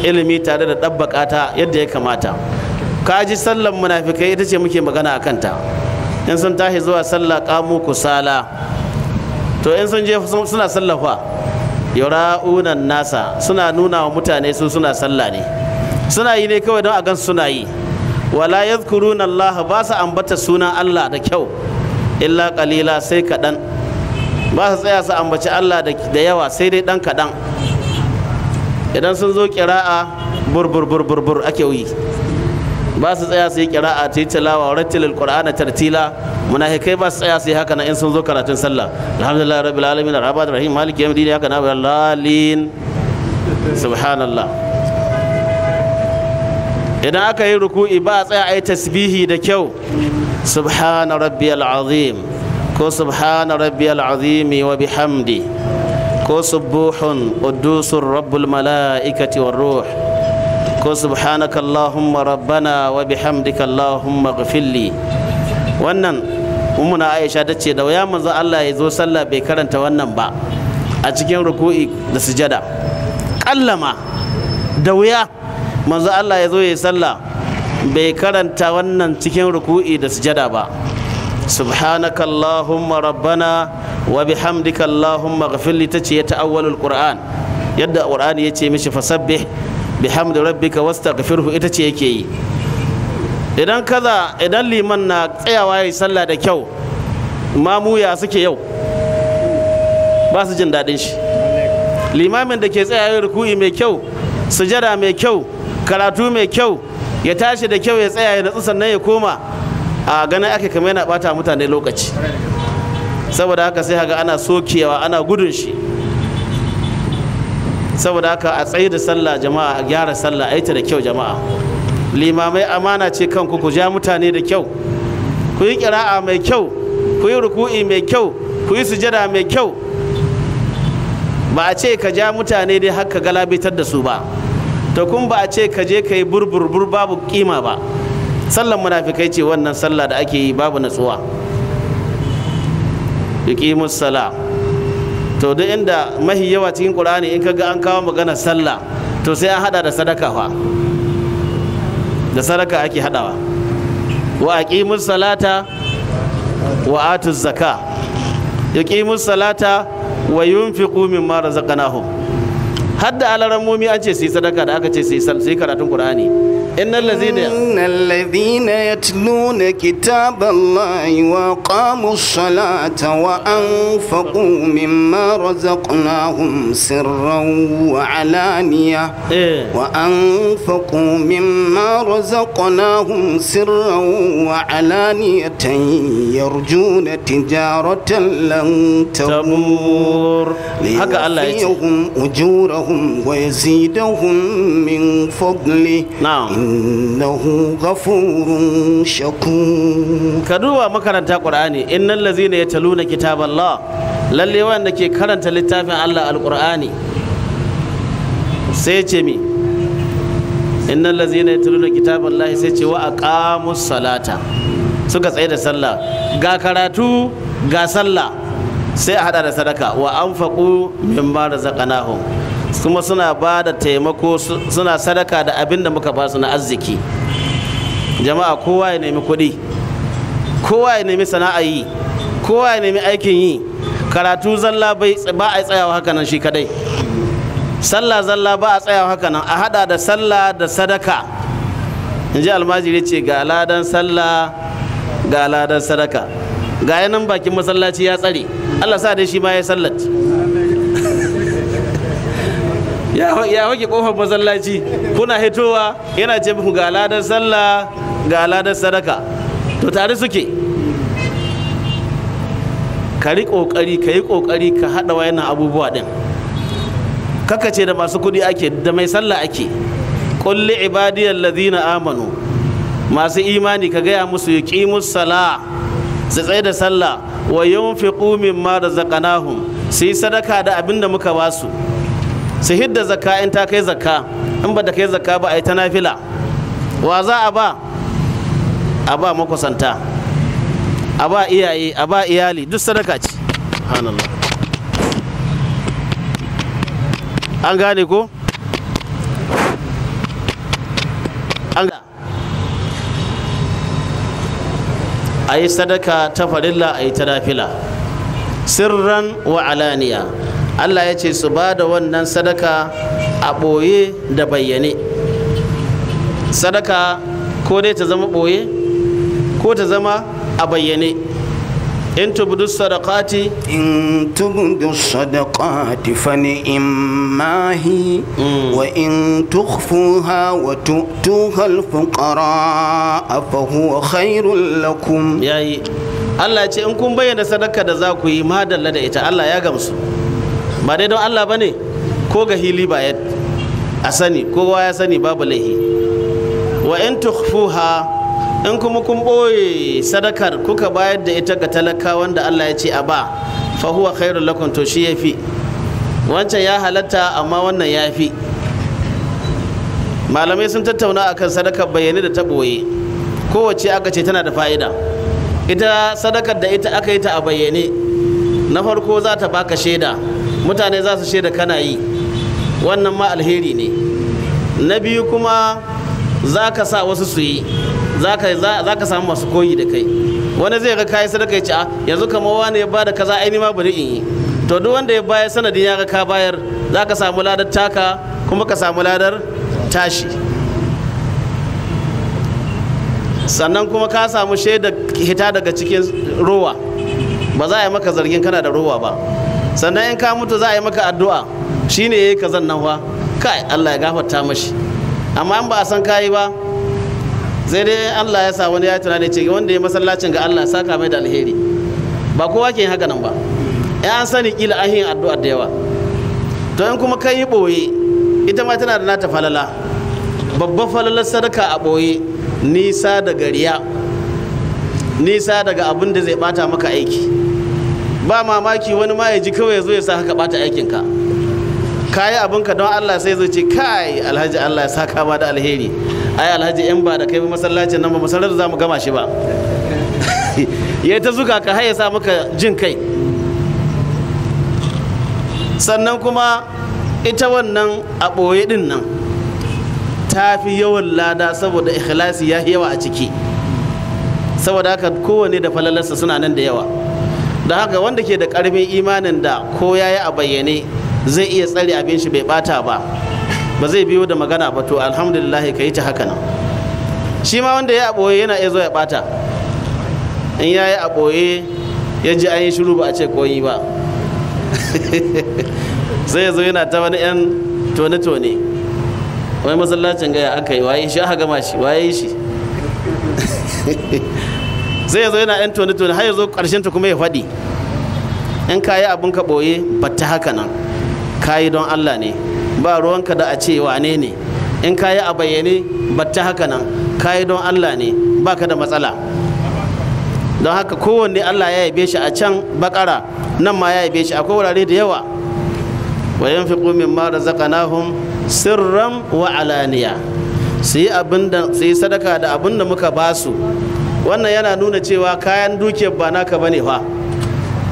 Speaker 1: ilimi tare da ɗabbaka ta yadda ya kamata ka ji sallan munafikai ita ce muke magana a kanta in sun tashi zuwa sallah kamu kusala to in sun je suna sallafa unan nasa suna nuna wa mutane su suna sallah ne suna yi ne kawai don a gan suna yi wala yadhkuruna Allah ba su ambata sunan Allah da kyau illa qalila sai kaɗan ba su tsaya su ambaci Allah da yawa sai dai ɗan kaɗan idan sun zo kira'a burbur burbur ake yi ba su tsaya su yi kira'a ta yi tilawa wa rattilil qur'ana tartila munafikai ba su tsaya su yi haka na in sun zo karatun sallah alhamdulillah rabbil alamin arhabat rahim maliki yawmiddin haka na lalin subhanallah idan aka yi ruku'i ba a tsaya a yi tasbihi da kyau subhana rabbiyal azim ko subhana rabbiyal azimi wa bihamdi ko subuhun quddusur rabbul mala'ikati war ruh ko subhanaka Allahumma rabbana wa bihamdika Allahumma ghafilli wannan ummuna Aisha ta ce da waya manzo Allah ya zo sallah bai karanta wannan ba a cikin ruku'i da sujada kallama da wuya manzo Allah ya zo ya sallah bai karanta wannan cikin ruku'i da sujada ba subhanaka allahumma rabbana wa bihamdika allahumma ghafir li tace ya ta'awwalul qur'an yadda qur'ani yace mishi fasabbih bihamdi rabbika wastaghfirhu ita ce yake yi idan kaza idan liman na tsayawa yayi sallah da kyau mamuya suke yau ba su jin daɗin shi limamin da ke tsayawa ruku'i mai kyau sujada mai kyau karatu mai kyau ya tashi da kyau ya tsaya ya natsu sannan ya koma a ganin ake kamar yana bata mutane lokaci saboda haka sai haga ana sokewa ana gudun shi saboda haka a tsayi da sallah jama'a a gyara sallah a ta da kyau jama'a limamai amana ce kanku ku ja mutane da kyau ku yi kira'a mai kyau ku yi ruku'i mai kyau ku yi sujada mai kyau ba a ce ka ja mutane dai haka galabitar da su ba to kun ba a ce ka je ka yi burburbur babu kima ba sallan munafikai ce wannan sallah da ake yi babu natsuwa yuqimus to duk inda mahi yawa cikin qur'ani in kaga an kawo magana sallah to sai an hada da sadaka fa da sadaka ake hadawa wa aqimus salata wa atuz zakah yuqimus salata wa yunfiqu mimma razaqnahum har da alarammomi an ce su yi sadaka da aka ce su yi karatun qur'ani إن الذين إن الذين
Speaker 2: يتلون كتاب الله وقاموا الصلاة وأنفقوا مما رزقناهم سرا وعلانية وأنفقوا مما رزقناهم سرا وعلانية يرجون تجارة لن تبور ليوفيهم أجورهم لهم ويزيدهم من فضله نعم إنه غفور شكور
Speaker 1: كدوا مكرنتا قرآني إن الذين يتلون كتاب الله lalle wanda ke karanta littafin Allah alƙur'ani sai ce mi innal ladzina yatluna kitaballahi sai ce wa aqamus salata suka tsaye da sallah ga karatu ga sallah sai a haɗa da sadaka wa anfaqu mimma razaqnahum kuma suna ba da taimako suna sadaka da abin da muka ba su na arziki jama'a kowa ya nemi kuɗi kowa ya nemi sana'a yi kowa ya nemi aikin yi karatu zalla ba a tsayawa haka shi kadai sallah zalla ba a tsayawa haka a hada da sallah da sadaka in ji almajiri ce ga ladan sallah ga ladan sadaka ga yanan bakin masallaci ya tsare allah sa dai shi ma ya sallat ya wake kofar masallaci kuna hitowa yana ce muku ga ladar sallah ga ladar sadaka to tare suke ka yi kokari ka yi kokari ka haɗa wayannan abubuwa ɗin kaka ce da masu kuɗi ake da mai sallah ake kulli ibadiyal ladina amanu masu imani ka gaya musu yuqimus sala su tsaye da sallah wa yunfiqu mimma razaqnahum su yi sadaka da abin da muka basu su su hidda zakka in ta kai zakka in ba da kai zakka ba a yi ta nafila wa za a ba a ba makusanta a ba iyaye a ba iyali duk sadaka ce an gane ko a yi sadaka ta farilla a yi ta nafila sirran wa alaniya Allah ya ce su ba da wannan sadaka a ɓoye da bayyane sadaka ko dai ta zama ɓoye ko ta zama a bayyane in tubdu sadaqati in
Speaker 2: tubdu sadaqati fa ni'mahi mm. wa in tukhfuha wa tu'tuha al-fuqara
Speaker 1: fa huwa khairul lakum yayi Allah ce in kun bayyana sadaka da za ku yi madalla da ita Allah ya gamsu ba dai don Allah bane ko ga hili ba ya a sani ko wa ya sani babu laihi wa in tukhfuha in kuma kun boye sadakar kuka bayar da ita ga talaka wanda Allah ya ce a ba fa huwa khairul lakum to shi yafi wancan ya halatta amma wannan yafi malamai sun tattauna akan sadakar bayyane da ta boye kowace aka ce tana da fa'ida ita sadakar da ita aka yi ta a bayyane na farko za ta baka shaida mutane za su shaida kana yi wannan ma alheri ne na biyu kuma za ka sa wasu su yi za ka samu masu koyi da kai wani zai ga kayi sadaka ya ci a ah, yanzu kamar wani ya ba da kaza aini ma bari in yi to duk wanda ya bayar sanadin ya ga ka bayar za ka samu ladar taka kuma ka samu ladar tashi sannan kuma ka samu shaida hita daga cikin rowa ba za a yi maka zargin kana da rowa ba sannan in ka mutu za a yi maka addu'a shine yayi kazan nan fa kai Allah ya gafarta mashi amma in ba a san kayi ba sai dai Allah ya sa wani ya tunani ce wanda ya masallacin ga Allah saka mai da alheri ba kowa ke haka nan ba ya an sani kila an yin addu'a da yawa to in kuma kai boye ita ma tana da nata falala babban falalar sadaka a boye nisa daga riya nisa daga abin da zai bata maka aiki ba mamaki wani ma ya ji kawai ya zo ya sa haka bata aikinka kayi abinka don Allah sai zo ce kai alhaji Allah ya saka ma da alheri ai alhaji in ba da kai masallacin nan ba masallar za mu gama shi ba ya ta zuga ka har ya sa maka jin kai sannan kuma ita wannan a ɓoye ɗin nan ta fi yawan lada saboda ikhlasi ya yawa a ciki saboda haka kowane da falalarsa suna nan da yawa da haka wanda ke da ƙarfin imanin da ko ya yi a bayyane zai iya tsare abin shi bai bata ba ba zai biyo da magana ba to alhamdulillah ka yi ta haka nan shi ma wanda ya ɓoye yana iya zo ya bata in ya yi a ɓoye ya ji an yi shiru ba a ce koyi ba zai zo yana ta wani 'yan tone-tone wani masallacin gaya aka yi waye shi aka gama shi waye shi zai zo yana yan tone tone har ya zo karshen ta kuma ya faɗi in yi abin ka ɓoye ta haka nan ka yi don Allah ne ba ruwanka da a ce wane ne in ka yi a bayyane ta haka nan ka yi don Allah ne ba ka da matsala don haka kowanne Allah ya yabe shi a can bakara nan ma ya yabe shi akwai wurare da yawa wa yanfiqu mimma razaqnahum sirran wa alaniya su yi sadaka da abin da muka basu wannan yana nuna cewa kayan duke ba naka bane fa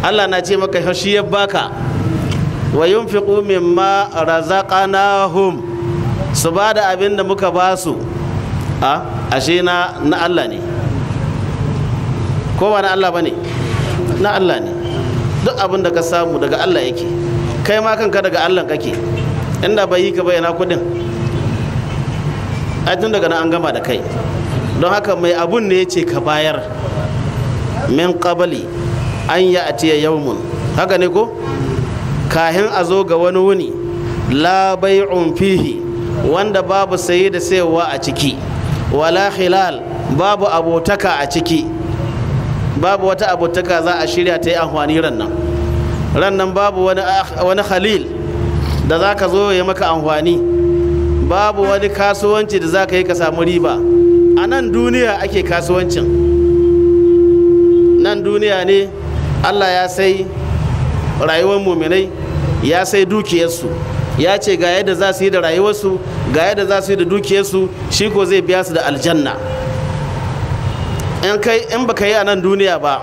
Speaker 1: Allah na ce maka shi ya baka wa yunfiqu mimma razaqnahum su ba da abin da muka ba su a ashe na na Allah ne ko ba na Allah bane na Allah ne duk abin da ka samu daga Allah yake kai ma kanka daga Allah kake inda bai yi ka bayyana kudin a tun daga nan an gama da kai don haka mai abun ne ya ce ka bayar min qabali an ya atiya yawmun haka ne ko kahin a zo ga wani wuni la bai'un fihi wanda babu saye da sayarwa a ciki wala hilal babu abotaka a ciki babu wata abotaka za a shirya ta yi amfani ran nan babu wani halil da za ka zo ya maka amfani babu wani kasuwanci da za ka yi ka samu riba a nan duniya ake kasuwancin nan duniya ne allah ya sai rayuwar muminai ya sai dukiyarsu ya ce ga yadda za su yi da rayuwarsu ga yadda za su yi da dukiyarsu shi ko zai biya su da aljanna in kai in baka yi a nan duniya ba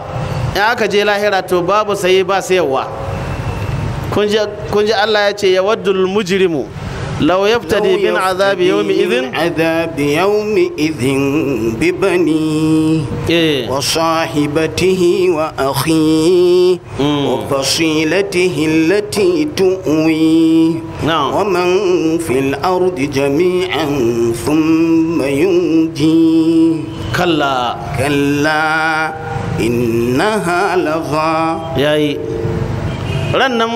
Speaker 1: in aka je lahira to babu saye ba sayarwa kun ji allah ya ce ya waddul mujrimu لو يبتدي من عذاب يومئذ عذاب يومئذ ببنيه
Speaker 2: إيه؟ وصاحبته وأخيه وفصيلته التي تؤويه نعم. ومن في الأرض جميعا ثم ينجيه كلا
Speaker 1: كلا إنها لظى ياي رنم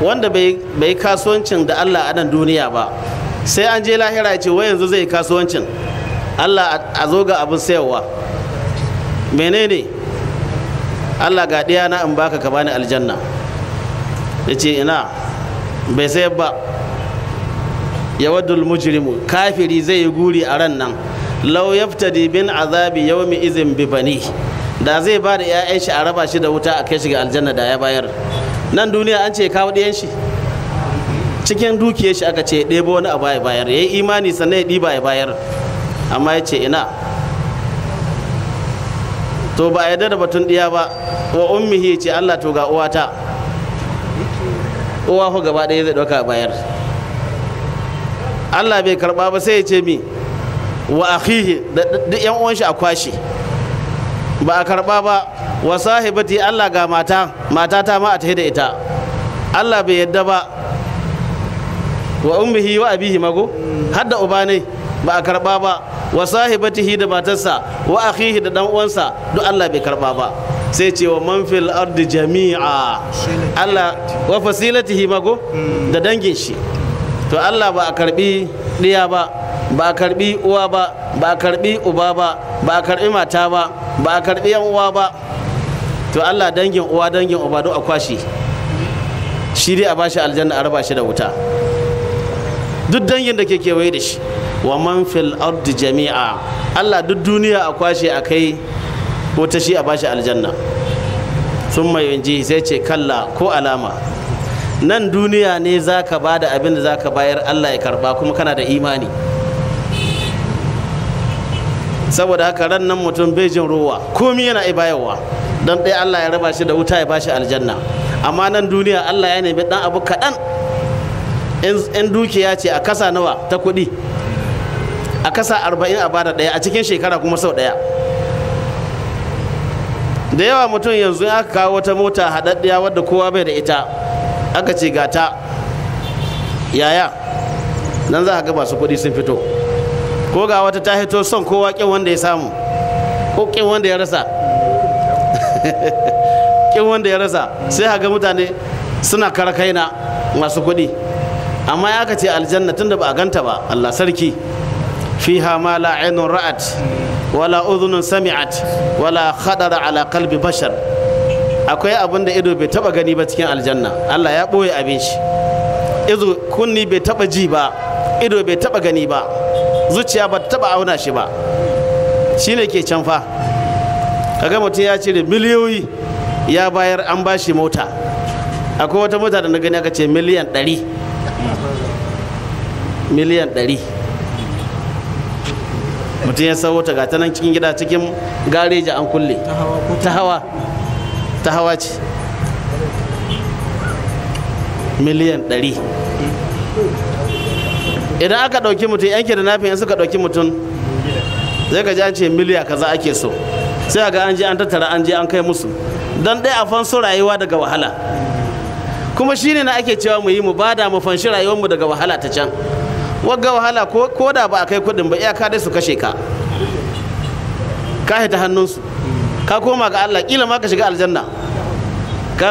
Speaker 1: wanda bai kasuwancin da Allah a nan duniya ba sai an je lahira ce wai yanzu zai kasuwancin Allah a zo ga abin sayarwa menene Allah ga ɗaya na in baka ka bani aljanna ya ce ina bai sayar ba ya waddul mujrimu kafiri zai yi guri a ran nan lau yaftadi bin azabi yawmi izin bi da zai ba da 'ya'yan shi a raba shi da wuta a kai shiga aljanna da ya bayar nan duniya an ce kawo ɗiyan shi cikin dukiyar shi aka ce ɗebo wani abu ya bayar ya yi imani sannan ya ɗiba ya bayar amma ya ce ina to ba a yarda da batun ɗiya ba wa ummihi ce Allah to ga uwata uwa ku gaba ɗaya zai ɗauka bayar Allah bai karɓa ba sai ya ce mi wa akhihi da ɗan uwan shi a kwashe ba a karba ba wa sahibati Allah ga mata matata ma a tahi da ita Allah bai yadda ba wa ummihi wa abihi mago hadda uba ne ba a karba ba wa sahibatihi da matarsa wa akhihi da dan uwansa duk Allah bai karba ba sai ce wa man fil ardi jami'a Allah wa fasilatihi mago da dangin shi to Allah ba a karbi diya ba ba karbi uwa ba ba karbi uba ba ba karbi mata ba ba karbi yan uwa ba to Allah dangin uwa dangin uba duk a kwashi shi dai a bashi aljanna a raba shi da wuta duk dangin da ke kewaye da shi wa man fil ard jami'a Allah duk duniya a kwashe a kai wuta shi a bashi aljanna sun mai yanji sai ce kalla ko alama nan duniya ne za ka ba da abin da za ka bayar Allah ya karba kuma kana da imani saboda haka ran nan mutum bai jin ruwa komi yana iya bayarwa dan ɗaya Allah ya raba shi da wuta ya bashi aljanna amma nan duniya Allah ya nemi dan abu kaɗan in dukiya ce a kasa nawa ta kuɗi a kasa arba'in a bada ɗaya a cikin shekara kuma sau ɗaya da yawa mutum yanzu ya kawo wata mota haɗaɗɗiya wadda kowa bai da ita aka ce gata yaya nan za ka ga masu kuɗi sun fito ko ga wata ta hito son kowa kin wanda ya samu ko kin wanda ya rasa kin wanda ya rasa sai haka mutane suna karkaina masu kuɗi amma ya ce aljanna tunda ba a ganta ba Allah sarki fiha ma la ra'at wala udhunun sami'at wala khadara ala qalbi bashar akwai abin da ido bai taba gani ba cikin aljanna Allah ya boye abin shi kunni bai taba ji ba ido bai taba gani ba zuciya ba ta taba auna shi ba shi ne ke canfa kaga mutum ya cire miliyoyi ya bayar an ba shi mota akwai wata mota da na gani aka ce miliyan ɗari miliyan ɗari mutum ya sau ta gata nan cikin gida cikin gareji an kulle ta hawa ta hawa ce miliyan ɗari idan aka ɗauki mutum yanke da nafin suka ɗauki mutum zai ga an ce miliya kaza ake so sai ga an je an tattara an je an kai musu don ɗaya a fansu rayuwa daga wahala kuma shine na ake cewa mu yi mu bada mu fanshi rayuwarmu daga wahala ta can wagga wahala ko da ba a kai kuɗin ba iyaka dai su kashe ka ka ta hannunsu ka koma ga Allah kila ma ka shiga aljanna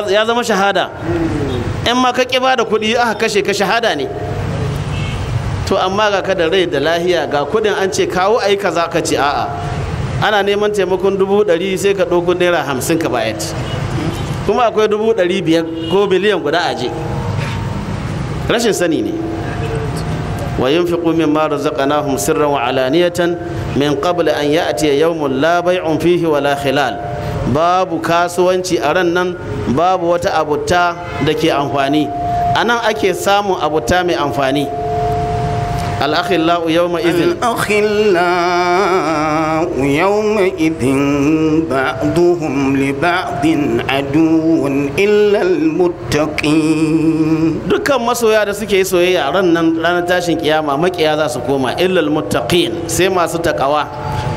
Speaker 1: ya zama shahada in ma ka ƙi ba da kuɗi aka kashe ka shahada ne to amma ga ka da rai da lahiya ga kudin an ce kawo ayi kaza ka ce a'a ana neman taimakon dubu ɗari sai ka ɗauko naira hamsin ka bayar kuma akwai dubu ɗari biyar ko biliyan guda aje rashin sani ne wa yunfiqu mimma razaqnahum sirran wa alaniyatan min ƙabla an ce yawmun labai un fihi wa lahilal babu kasuwanci a ran nan babu wata abuta da ke amfani a nan ake samun abuta mai amfani الأخلاء يومئذ الأخلاء
Speaker 2: يومئذ بعضهم لبعض عدو إلا
Speaker 1: المتقين دكا ما سويا da suke soyayya ran nan ranar tashin kiyama maƙiya za su koma illal muttaqin sai masu takawa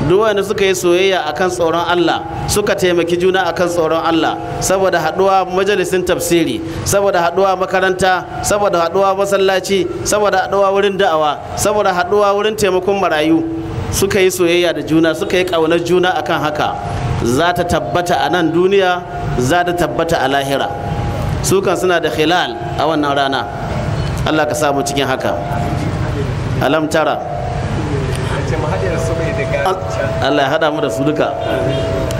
Speaker 1: duk wanda suka yi soyayya akan tsoron Allah suka taimaki juna akan tsoron Allah saboda haduwa majalisin tafsiri saboda haduwa makaranta saboda haduwa masallaci saboda haduwa wurin da'awa saboda haduwa wurin taimakon marayu suka yi soyayya da juna suka yi ƙaunar juna akan haka za ta tabbata a nan duniya za ta tabbata a lahira sukan suna da hilal a wannan rana Allah ka samu cikin haka alam tara الله هذا مرة mu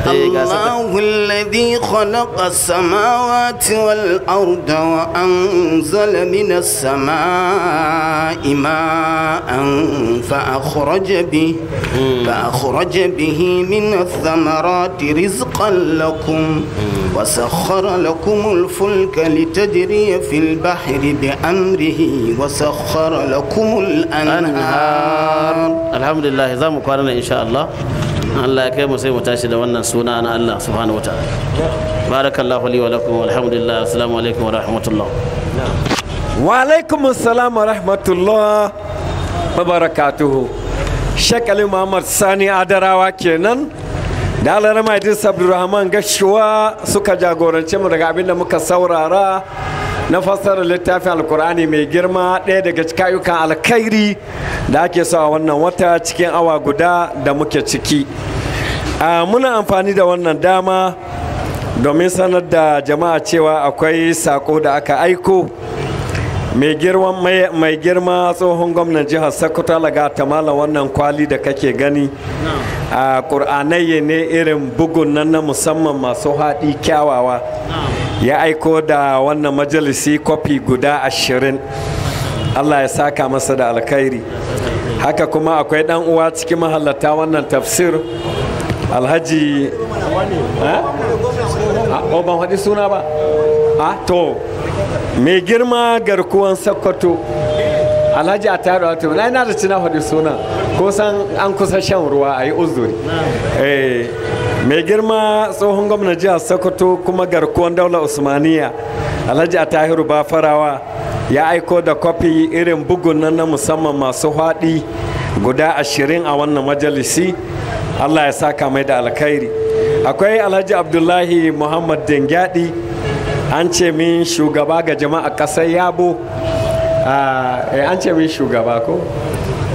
Speaker 1: الله
Speaker 2: الذي خلق السماوات والأرض وأنزل من السماء ماء فأخرج به فأخرج به من الثمرات رزقا لكم وسخر لكم الفلك لتجري في البحر بأمره وسخر لكم الأنهار
Speaker 1: الحمد لله إذا مقارنة إن شاء الله Allah ya kai mu sai mu tashi da wannan suna Allah subhanahu wataala barakallahu li wa lakum walhamdulillah
Speaker 3: barakatuhu shakalin Muhammad Sani Adarawa kenan da alarama abdulrahman gashuwa suka jagorance mu daga abin da muka saurara na fassarar littafin alkur'ani mai girma ɗaya daga cikayukan alkhairi da ake sa wannan wata cikin awa guda da muke ciki muna amfani da wannan dama domin sanar da jama'a cewa akwai sako da aka aiko mai girma tsohon gwamnan jihar sokoto laga mala wannan kwali da kake gani a ƙur'anayye ne irin bugun nan na musamman masu haɗi kyawawa ya aiko da wannan majalisi kwafi guda ashirin allah ya saka masa da alkhairi haka kuma akwai ɗan uwa cikin mahallata wannan tafsir alhaji ha? Eh? Ah, oh, ban suna ba? Ah, to mai girma garkuwan sakkwato alhaji a taro a na yana da cina faɗi suna ko san an kusa shan ruwa a yi uzuri eh, mai girma tsohon gwamnan jihar sokoto kuma garkuwan daula usmaniya alhaji a tahiru farawa, ya aiko da kwafi irin bugun nan na musamman masu haɗi guda ashirin a wannan majalisi allah ya sa mai da alkhairi akwai alhaji abdullahi muhammad dengyadi an ce min shugaba ga jama'a ƙasar yabo ah, eh, an ce min shugaba ko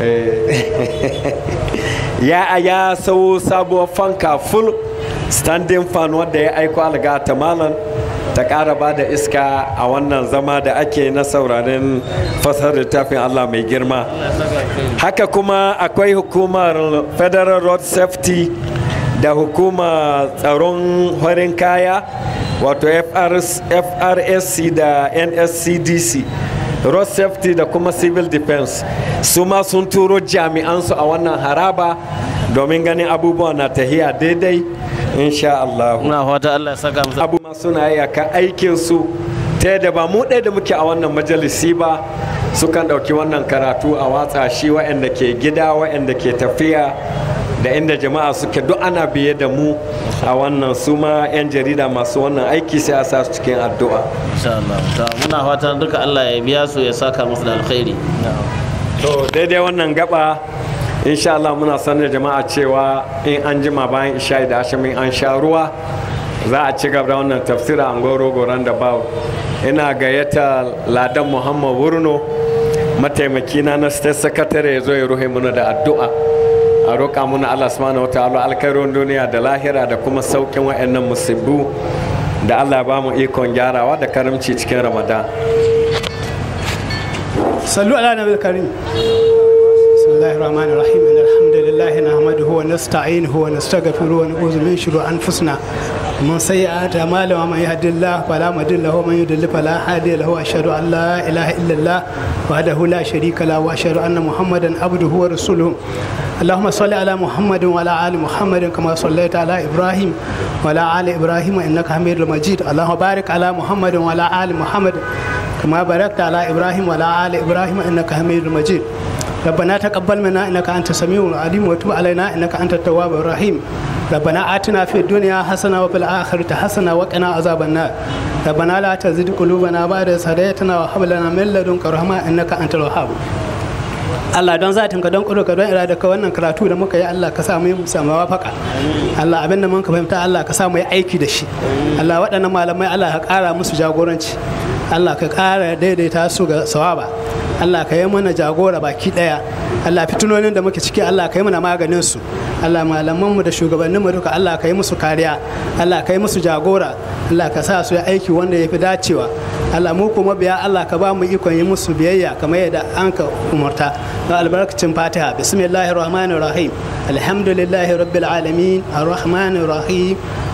Speaker 3: eh, ya ya sau sabuwar fanka full standing fan wadda ya aiko alga ta malam ta ƙara ba da iska a wannan zama da ake na sauraren fasar littafin Allah mai girma haka kuma akwai hukumar federal road safety da hukumar tsaron horin kaya wato frsc da nscdc road safety da kuma civil defense su ma sun turo jami'ansu a wannan haraba domin ganin abubuwa na tahiya daidai insha Allah. Na suna yi aka aikin ta yadda ba mu ɗaya da muke a wannan majalisi ba sukan ɗauki wannan karatu a watsa shi waɗanda ke gida waɗanda ke tafiya da inda jama'a suke duk ana biye da mu a wannan su ma 'yan jarida masu wannan aiki sai a sa su cikin addu'a muna fatan
Speaker 1: duka allah ya biya su ya saka musu da alkhairi
Speaker 3: to daidai wannan gaba insha Allah muna sanar da jama'a cewa in an jima bayan isha da ashirin an sha ruwa za a ci gaba da wannan tafsira an goro goron da bawo ina gayyata ladan muhammad wurno mataimaki na na state secretary ya zo ya ruhe mana da addu'a a roƙa muna Allah subhanahu wataala alkhairin duniya da lahira da kuma saukin wa'annan musibbu da Allah ba mu ikon gyarawa da karamci cikin Ramadan sallu ala nabil karim
Speaker 4: bismillahir rahmanir rahim alhamdulillahi nahmaduhu wa nasta'inuhu wa nastaghfiruhu wa na'udhu min shururi anfusina من سيئات أعمالنا من يهد الله فلا مضل له ومن يضلل فلا هادي له وأشهد أن لا إله إلا الله وحده لا شريك له وأشهد أن محمدا عبده ورسوله اللهم صل على محمد وعلى آل محمد كما صليت على إبراهيم وعلى آل إبراهيم إنك حميد مجيد اللهم بارك على محمد وعلى آل محمد كما باركت على إبراهيم وعلى آل إبراهيم إنك حميد مجيد ربنا تقبل منا إنك أنت السميع العليم وتب علينا إنك أنت التواب الرحيم ربنا آتنا في الدنيا حسنة وفي الآخرة حسنة وقنا عذاب النار ربنا لا تزد قلوبنا بعد إذ وهب لنا من لدنك رحمة إنك أنت الوهاب Allah don zatin ka don kudu ka don irada ka wannan karatu da muka yi Allah ka sa mu samu wafaka Allah abin da muka fahimta Allah ka sa mu yi aiki da shi Allah waɗannan malamai Allah ka ƙara musu jagoranci Allah ka ƙara daidaita su ga sawaba Allah ka yi mana jagora baki ɗaya Allah fitunonin da muke ciki Allah ka yi mana maganin su Allah malamanmu da mu duka Allah ka yi musu kariya Allah ka yi musu jagora Allah ka sa su yi aiki wanda ya fi dacewa Allah mu kuma biya Allah ka ba mu ikon yi musu biyayya kamar yadda an ka umarta ga albarkacin Fatiha bismillahir rahmanir rahim alhamdulillahi rabbil alamin arrahmanir rahim